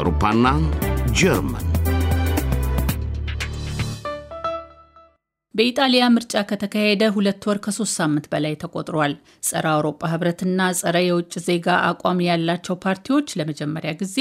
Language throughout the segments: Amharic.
አውሮፓና ጀርመን በኢጣሊያ ምርጫ ከተካሄደ ሁለት ወር ከሶስት ሳምንት በላይ ተቆጥሯል። ጸረ አውሮፓ ህብረትና ጸረ የውጭ ዜጋ አቋም ያላቸው ፓርቲዎች ለመጀመሪያ ጊዜ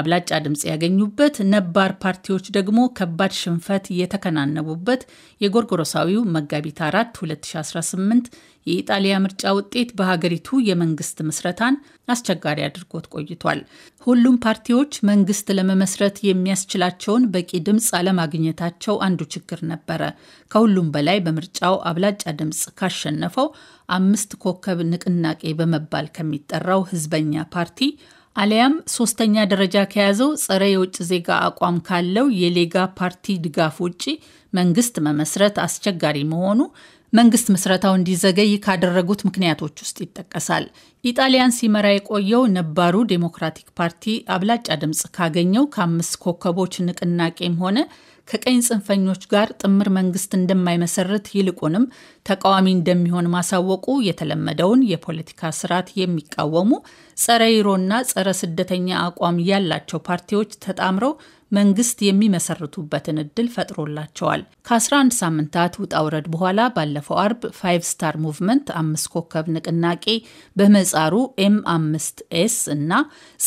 አብላጫ ድምፅ ያገኙበት፣ ነባር ፓርቲዎች ደግሞ ከባድ ሽንፈት የተከናነቡበት የጎርጎሮሳዊው መጋቢት አራት 2018 የኢጣሊያ ምርጫ ውጤት በሀገሪቱ የመንግስት ምስረታን አስቸጋሪ አድርጎት ቆይቷል። ሁሉም ፓርቲዎች መንግስት ለመመስረት የሚያስችላቸውን በቂ ድምፅ አለማግኘታቸው አንዱ ችግር ነበረ። ከሁሉም በላይ በምርጫው አብላጫ ድምፅ ካሸነፈው አምስት ኮከብ ንቅናቄ በመባል ከሚጠራው ህዝበኛ ፓርቲ አሊያም ሶስተኛ ደረጃ ከያዘው ጸረ የውጭ ዜጋ አቋም ካለው የሌጋ ፓርቲ ድጋፍ ውጪ መንግስት መመስረት አስቸጋሪ መሆኑ መንግስት ምስረታው እንዲዘገይ ካደረጉት ምክንያቶች ውስጥ ይጠቀሳል። ኢጣሊያን ሲመራ የቆየው ነባሩ ዴሞክራቲክ ፓርቲ አብላጫ ድምፅ ካገኘው ከአምስት ኮከቦች ንቅናቄም ሆነ ከቀኝ ጽንፈኞች ጋር ጥምር መንግስት እንደማይመሰርት ይልቁንም ተቃዋሚ እንደሚሆን ማሳወቁ የተለመደውን የፖለቲካ ስርዓት የሚቃወሙ ጸረ ይሮና ጸረ ስደተኛ አቋም ያላቸው ፓርቲዎች ተጣምረው መንግስት የሚመሰርቱበትን እድል ፈጥሮላቸዋል። ከ11 ሳምንታት ውጣ ውረድ በኋላ ባለፈው አርብ ፋይቭ ስታር ሙቭመንት አምስት ኮከብ ንቅናቄ በመጻሩ ኤም አምስት ኤስ እና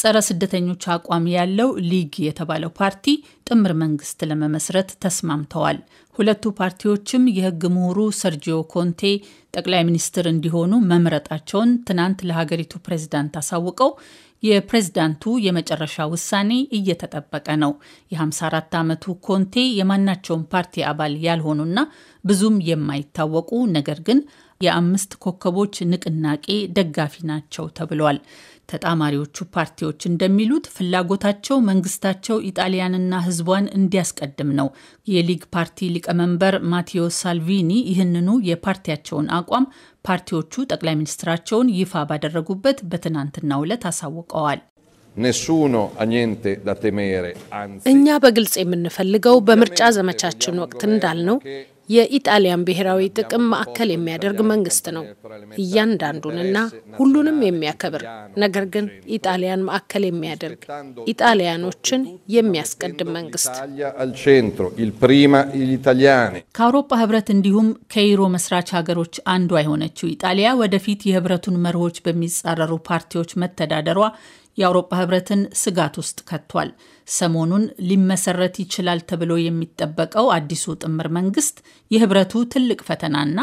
ጸረ ስደተኞች አቋም ያለው ሊግ የተባለው ፓርቲ ጥምር መንግስት ለመመስረት ተስማምተዋል። ሁለቱ ፓርቲዎችም የህግ ምሁሩ ሰርጂዮ ኮንቴ ጠቅላይ ሚኒስትር እንዲሆኑ መምረጣቸውን ትናንት ለሀገሪቱ ፕሬዝዳንት አሳውቀው የፕሬዝዳንቱ የመጨረሻ ውሳኔ እየተጠበቀ ነው። የ54 ዓመቱ ኮንቴ የማናቸውም ፓርቲ አባል ያልሆኑና ብዙም የማይታወቁ ነገር ግን የአምስት ኮከቦች ንቅናቄ ደጋፊ ናቸው ተብሏል። ተጣማሪዎቹ ፓርቲዎች እንደሚሉት ፍላጎታቸው መንግስታቸው ኢጣሊያንና ህዝቧን እንዲያስቀድም ነው። የሊግ ፓርቲ ሊቀመንበር ማቴዎ ሳልቪኒ ይህንኑ የፓርቲያቸውን አቋም ፓርቲዎቹ ጠቅላይ ሚኒስትራቸውን ይፋ ባደረጉበት በትናንትናው ዕለት አሳውቀዋል። እኛ በግልጽ የምንፈልገው በምርጫ ዘመቻችን ወቅት እንዳልነው የኢጣሊያን ብሔራዊ ጥቅም ማዕከል የሚያደርግ መንግስት ነው። እያንዳንዱንና ሁሉንም የሚያከብር ነገር ግን ኢጣሊያን ማዕከል የሚያደርግ ኢጣሊያኖችን የሚያስቀድም መንግስት። ከአውሮፓ ህብረት እንዲሁም ከዩሮ መስራች ሀገሮች አንዷ የሆነችው ኢጣሊያ ወደፊት የህብረቱን መርሆች በሚጻረሩ ፓርቲዎች መተዳደሯ የአውሮፓ ህብረትን ስጋት ውስጥ ከቷል። ሰሞኑን ሊመሰረት ይችላል ተብሎ የሚጠበቀው አዲሱ ጥምር መንግስት የህብረቱ ትልቅ ፈተናና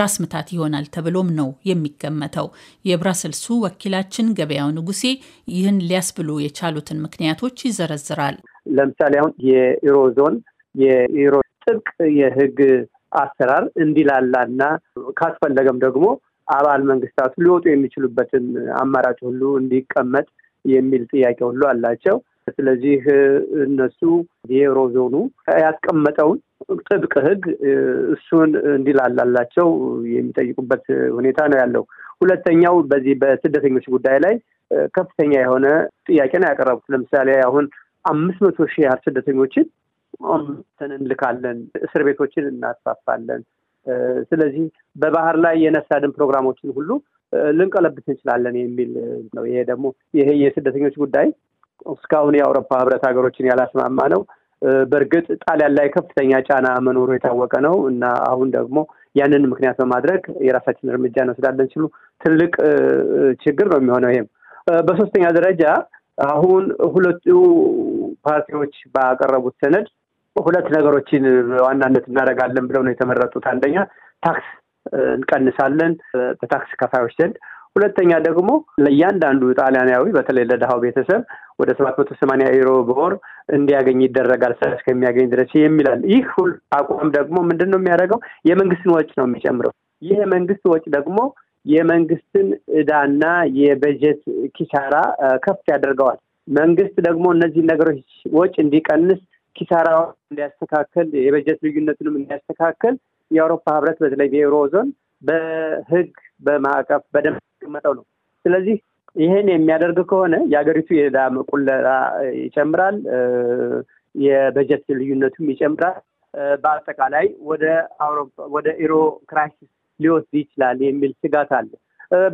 ራስ ምታት ይሆናል ተብሎም ነው የሚገመተው። የብራሰልሱ ወኪላችን ገበያው ንጉሴ ይህን ሊያስብሉ የቻሉትን ምክንያቶች ይዘረዝራል። ለምሳሌ አሁን የኢሮ ዞን የኢሮ ጥብቅ የህግ አሰራር እንዲላላና ካስፈለገም ደግሞ አባል መንግስታቱ ሊወጡ የሚችሉበትን አማራጭ ሁሉ እንዲቀመጥ የሚል ጥያቄ ሁሉ አላቸው። ስለዚህ እነሱ የዩሮ ዞኑ ያስቀመጠውን ጥብቅ ህግ እሱን እንዲላላላቸው የሚጠይቁበት ሁኔታ ነው ያለው። ሁለተኛው በዚህ በስደተኞች ጉዳይ ላይ ከፍተኛ የሆነ ጥያቄ ነው ያቀረቡት። ለምሳሌ አሁን አምስት መቶ ሺህ ያህል ስደተኞችን አምተን እንልካለን፣ እስር ቤቶችን እናስፋፋለን። ስለዚህ በባህር ላይ የነፍስ አድን ፕሮግራሞችን ሁሉ ልንቀለብስ እንችላለን የሚል ነው። ይሄ ደግሞ ይሄ የስደተኞች ጉዳይ እስካሁን የአውሮፓ ህብረት ሀገሮችን ያላስማማ ነው። በእርግጥ ጣሊያን ላይ ከፍተኛ ጫና መኖሩ የታወቀ ነው እና አሁን ደግሞ ያንን ምክንያት በማድረግ የራሳችን እርምጃ እንወስዳለን ሲሉ ትልቅ ችግር ነው የሚሆነው። ይሄም በሶስተኛ ደረጃ አሁን ሁለቱ ፓርቲዎች ባቀረቡት ሰነድ ሁለት ነገሮችን ዋናነት እናደርጋለን ብለው ነው የተመረጡት። አንደኛ ታክስ እንቀንሳለን በታክስ ከፋዮች ዘንድ። ሁለተኛ ደግሞ ለእያንዳንዱ ጣሊያናዊ በተለይ ለድሃው ቤተሰብ ወደ ሰባት መቶ ሰማኒያ ዩሮ በወር እንዲያገኝ ይደረጋል ስራ እስከሚያገኝ ድረስ የሚላል። ይህ ሁል አቋም ደግሞ ምንድን ነው የሚያደርገው? የመንግስትን ወጭ ነው የሚጨምረው። ይህ የመንግስት ወጭ ደግሞ የመንግስትን እዳና የበጀት ኪሳራ ከፍ ያደርገዋል። መንግስት ደግሞ እነዚህ ነገሮች ወጭ እንዲቀንስ ኪሳራ እንዲያስተካከል የበጀት ልዩነትንም እንዲያስተካከል የአውሮፓ ህብረት በተለይ የዩሮ ዞን በህግ በማዕቀፍ በደንብ የተቀመጠው ነው። ስለዚህ ይህን የሚያደርግ ከሆነ የሀገሪቱ የዕዳ ቁለላ ይጨምራል፣ የበጀት ልዩነቱም ይጨምራል። በአጠቃላይ ወደ አውሮፓ ወደ ኢሮ ክራይሲስ ሊወስድ ይችላል የሚል ስጋት አለ።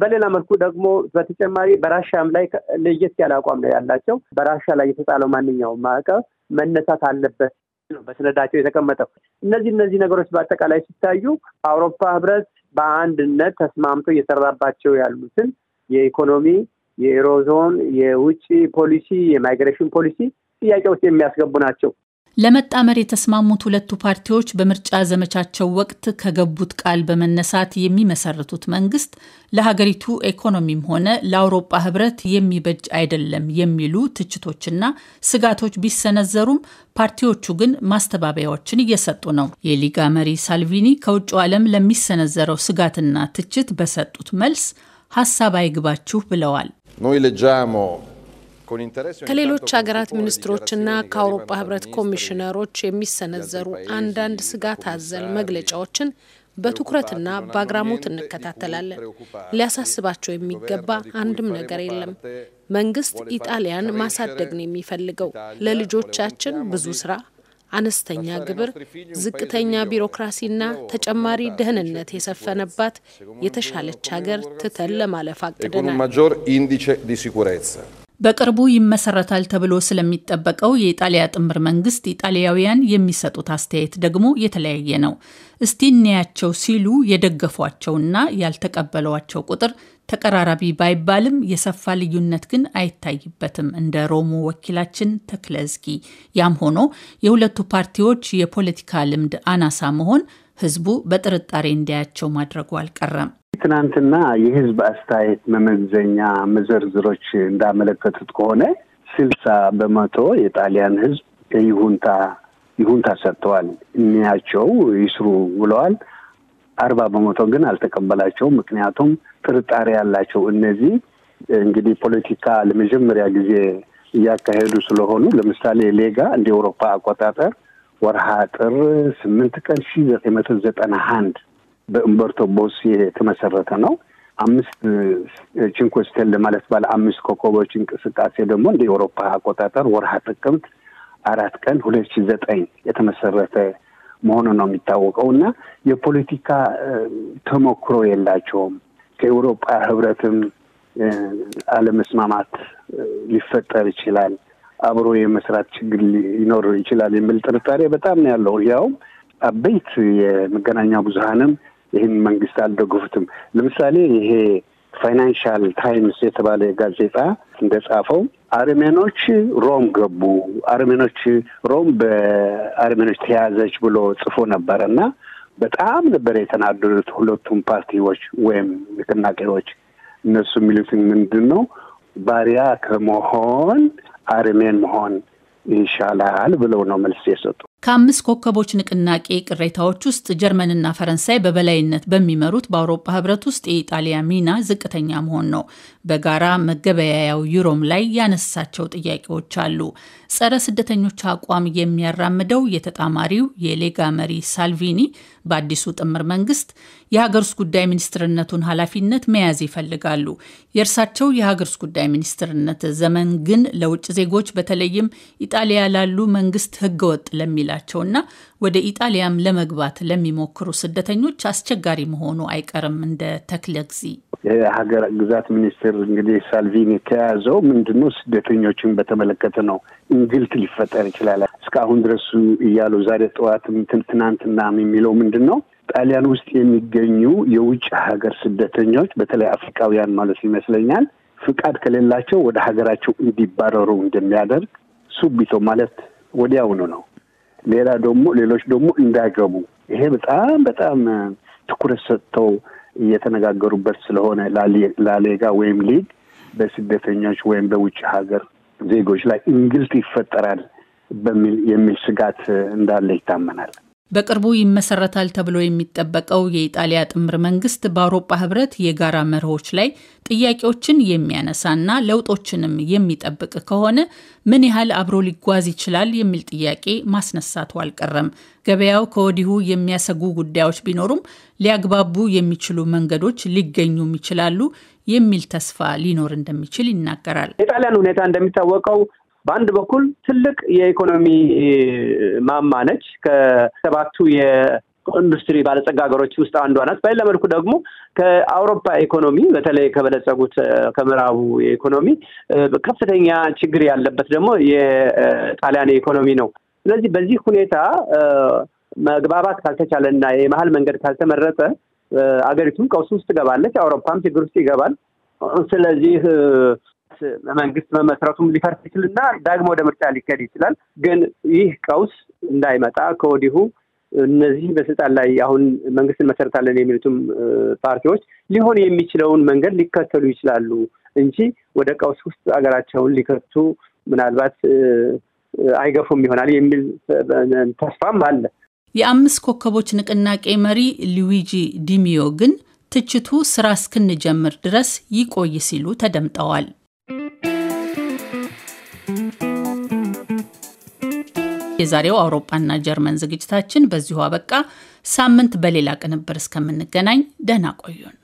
በሌላ መልኩ ደግሞ በተጨማሪ በራሻም ላይ ለየት ያለ አቋም ነው ያላቸው። በራሻ ላይ የተጣለው ማንኛውም ማዕቀብ መነሳት አለበት ነው በሰነዳቸው የተቀመጠው። እነዚህ እነዚህ ነገሮች በአጠቃላይ ሲታዩ አውሮፓ ህብረት በአንድነት ተስማምቶ እየሰራባቸው ያሉትን የኢኮኖሚ፣ የኤሮዞን፣ የውጭ ፖሊሲ፣ የማይግሬሽን ፖሊሲ ጥያቄ ውስጥ የሚያስገቡ ናቸው። ለመጣመር የተስማሙት ሁለቱ ፓርቲዎች በምርጫ ዘመቻቸው ወቅት ከገቡት ቃል በመነሳት የሚመሰርቱት መንግስት ለሀገሪቱ ኢኮኖሚም ሆነ ለአውሮፓ ህብረት የሚበጅ አይደለም የሚሉ ትችቶችና ስጋቶች ቢሰነዘሩም ፓርቲዎቹ ግን ማስተባበያዎችን እየሰጡ ነው። የሊጋ መሪ ሳልቪኒ ከውጭ ዓለም ለሚሰነዘረው ስጋትና ትችት በሰጡት መልስ ሀሳብ አይግባችሁ ብለዋል። ኖይ ከሌሎች ሀገራት ሚኒስትሮችና ከአውሮፓ ህብረት ኮሚሽነሮች የሚሰነዘሩ አንዳንድ ስጋት አዘል መግለጫዎችን በትኩረትና በአግራሞት እንከታተላለን። ሊያሳስባቸው የሚገባ አንድም ነገር የለም። መንግስት ኢጣሊያን ማሳደግ ነው የሚፈልገው። ለልጆቻችን ብዙ ስራ፣ አነስተኛ ግብር፣ ዝቅተኛ ቢሮክራሲና ተጨማሪ ደህንነት የሰፈነባት የተሻለች ሀገር ትተን ለማለፍ አቅድናል። በቅርቡ ይመሰረታል ተብሎ ስለሚጠበቀው የኢጣሊያ ጥምር መንግስት ኢጣሊያውያን የሚሰጡት አስተያየት ደግሞ የተለያየ ነው። እስቲ እንያቸው ሲሉ የደገፏቸውና ያልተቀበሏቸው ቁጥር ተቀራራቢ ባይባልም የሰፋ ልዩነት ግን አይታይበትም። እንደ ሮሙ ወኪላችን ተክለዝጊ፣ ያም ሆኖ የሁለቱ ፓርቲዎች የፖለቲካ ልምድ አናሳ መሆን ህዝቡ በጥርጣሬ እንዲያያቸው ማድረጉ አልቀረም። ትናንትና የህዝብ አስተያየት መመዘኛ መዘርዝሮች እንዳመለከቱት ከሆነ ስልሳ በመቶ የጣሊያን ህዝብ ይሁንታ ይሁንታ ሰጥተዋል። እኒያቸው ይስሩ ብለዋል። አርባ በመቶ ግን አልተቀበላቸውም። ምክንያቱም ጥርጣሬ ያላቸው እነዚህ እንግዲህ ፖለቲካ ለመጀመሪያ ጊዜ እያካሄዱ ስለሆኑ ለምሳሌ ሌጋ እንደ ኤውሮፓ አቆጣጠር ወርሃ ጥር ስምንት ቀን ሺ ዘጠኝ መቶ ዘጠና አንድ በእምበርቶ ቦስ የተመሰረተ ነው። አምስት ቺንኮስቴል ማለት ባለ አምስት ኮከቦች እንቅስቃሴ ደግሞ እንደ ኤውሮፓ አቆጣጠር ወርሃ ጥቅምት አራት ቀን ሁለት ሺ ዘጠኝ የተመሰረተ መሆኑ ነው የሚታወቀው እና የፖለቲካ ተሞክሮ የላቸውም። ከኤውሮጳ ህብረትም አለመስማማት ሊፈጠር ይችላል፣ አብሮ የመስራት ችግር ሊኖር ይችላል የሚል ጥርጣሬ በጣም ነው ያለው። ያውም አበይት የመገናኛ ብዙሀንም ይህም መንግስት አልደግፉትም። ለምሳሌ ይሄ ፋይናንሻል ታይምስ የተባለ ጋዜጣ እንደጻፈው አርሜኖች ሮም ገቡ፣ አርሜኖች ሮም በአርሜኖች ተያዘች ብሎ ጽፎ ነበረ እና በጣም ነበር የተናደዱት ሁለቱም ፓርቲዎች ወይም ንቅናቄዎች። እነሱ የሚሉትን ምንድን ነው ባሪያ ከመሆን አርሜን መሆን ይሻላል ብለው ነው መልስ የሰጡ። ከአምስት ኮከቦች ንቅናቄ ቅሬታዎች ውስጥ ጀርመንና ፈረንሳይ በበላይነት በሚመሩት በአውሮፓ ህብረት ውስጥ የኢጣሊያ ሚና ዝቅተኛ መሆን ነው። በጋራ መገበያያው ዩሮም ላይ ያነሳቸው ጥያቄዎች አሉ። ጸረ ስደተኞች አቋም የሚያራምደው የተጣማሪው የሌጋ መሪ ሳልቪኒ በአዲሱ ጥምር መንግስት የሀገር ውስጥ ጉዳይ ሚኒስትርነቱን ኃላፊነት መያዝ ይፈልጋሉ። የእርሳቸው የሀገር ውስጥ ጉዳይ ሚኒስትርነት ዘመን ግን ለውጭ ዜጎች በተለይም ኢጣሊያ ላሉ መንግስት ህገወጥ ለሚል ለሌላቸውና ወደ ኢጣሊያም ለመግባት ለሚሞክሩ ስደተኞች አስቸጋሪ መሆኑ አይቀርም። እንደ ተክለ ጊዜ የሀገር ግዛት ሚኒስትር እንግዲህ ሳልቪኒ ከያዘው ምንድነው ስደተኞችን በተመለከተ ነው። እንግልት ሊፈጠር ይችላል እስካሁን ድረሱ እያሉ ዛሬ ጠዋት ትናንትና የሚለው ምንድን ነው ጣሊያን ውስጥ የሚገኙ የውጭ ሀገር ስደተኞች በተለይ አፍሪካውያን ማለት ይመስለኛል ፍቃድ ከሌላቸው ወደ ሀገራቸው እንዲባረሩ እንደሚያደርግ ሱቢቶ ማለት ወዲያውኑ ነው። ሌላ ደግሞ ሌሎች ደግሞ እንዳይገቡ ይሄ በጣም በጣም ትኩረት ሰጥተው እየተነጋገሩበት ስለሆነ ላሌጋ ወይም ሊግ በስደተኞች ወይም በውጭ ሀገር ዜጎች ላይ እንግልት ይፈጠራል በሚል የሚል ስጋት እንዳለ ይታመናል። በቅርቡ ይመሰረታል ተብሎ የሚጠበቀው የኢጣሊያ ጥምር መንግስት በአውሮፓ ህብረት የጋራ መርሆች ላይ ጥያቄዎችን የሚያነሳና ለውጦችንም የሚጠብቅ ከሆነ ምን ያህል አብሮ ሊጓዝ ይችላል የሚል ጥያቄ ማስነሳቱ አልቀረም። ገበያው ከወዲሁ የሚያሰጉ ጉዳዮች ቢኖሩም ሊያግባቡ የሚችሉ መንገዶች ሊገኙም ይችላሉ የሚል ተስፋ ሊኖር እንደሚችል ይናገራል። የጣሊያን ሁኔታ እንደሚታወቀው በአንድ በኩል ትልቅ የኢኮኖሚ ማማ ነች። ከሰባቱ ኢንዱስትሪ ባለጸጋ ሀገሮች ውስጥ አንዷ ናት። በሌላ መልኩ ደግሞ ከአውሮፓ ኢኮኖሚ በተለይ ከበለጸጉት ከምዕራቡ የኢኮኖሚ ከፍተኛ ችግር ያለበት ደግሞ የጣሊያን ኢኮኖሚ ነው። ስለዚህ በዚህ ሁኔታ መግባባት ካልተቻለ እና የመሀል መንገድ ካልተመረጠ አገሪቱም ቀውስ ውስጥ ትገባለች፣ አውሮፓም ችግር ውስጥ ይገባል። ስለዚህ መንግስት መመስረቱም ሊፈርስ ይችልና ዳግሞ ወደ ምርጫ ሊካሄድ ይችላል። ግን ይህ ቀውስ እንዳይመጣ ከወዲሁ እነዚህ በስልጣን ላይ አሁን መንግስት እንመሰርታለን የሚሉትም ፓርቲዎች ሊሆን የሚችለውን መንገድ ሊከተሉ ይችላሉ እንጂ ወደ ቀውስ ውስጥ ሀገራቸውን ሊከቱ ምናልባት አይገፉም ይሆናል የሚል ተስፋም አለ። የአምስት ኮከቦች ንቅናቄ መሪ ሉዊጂ ዲሚዮ ግን ትችቱ ስራ እስክንጀምር ድረስ ይቆይ ሲሉ ተደምጠዋል። የዛሬው አውሮፓና ጀርመን ዝግጅታችን በዚሁ አበቃ። ሳምንት በሌላ ቅንብር እስከምንገናኝ ደህና ቆዩን።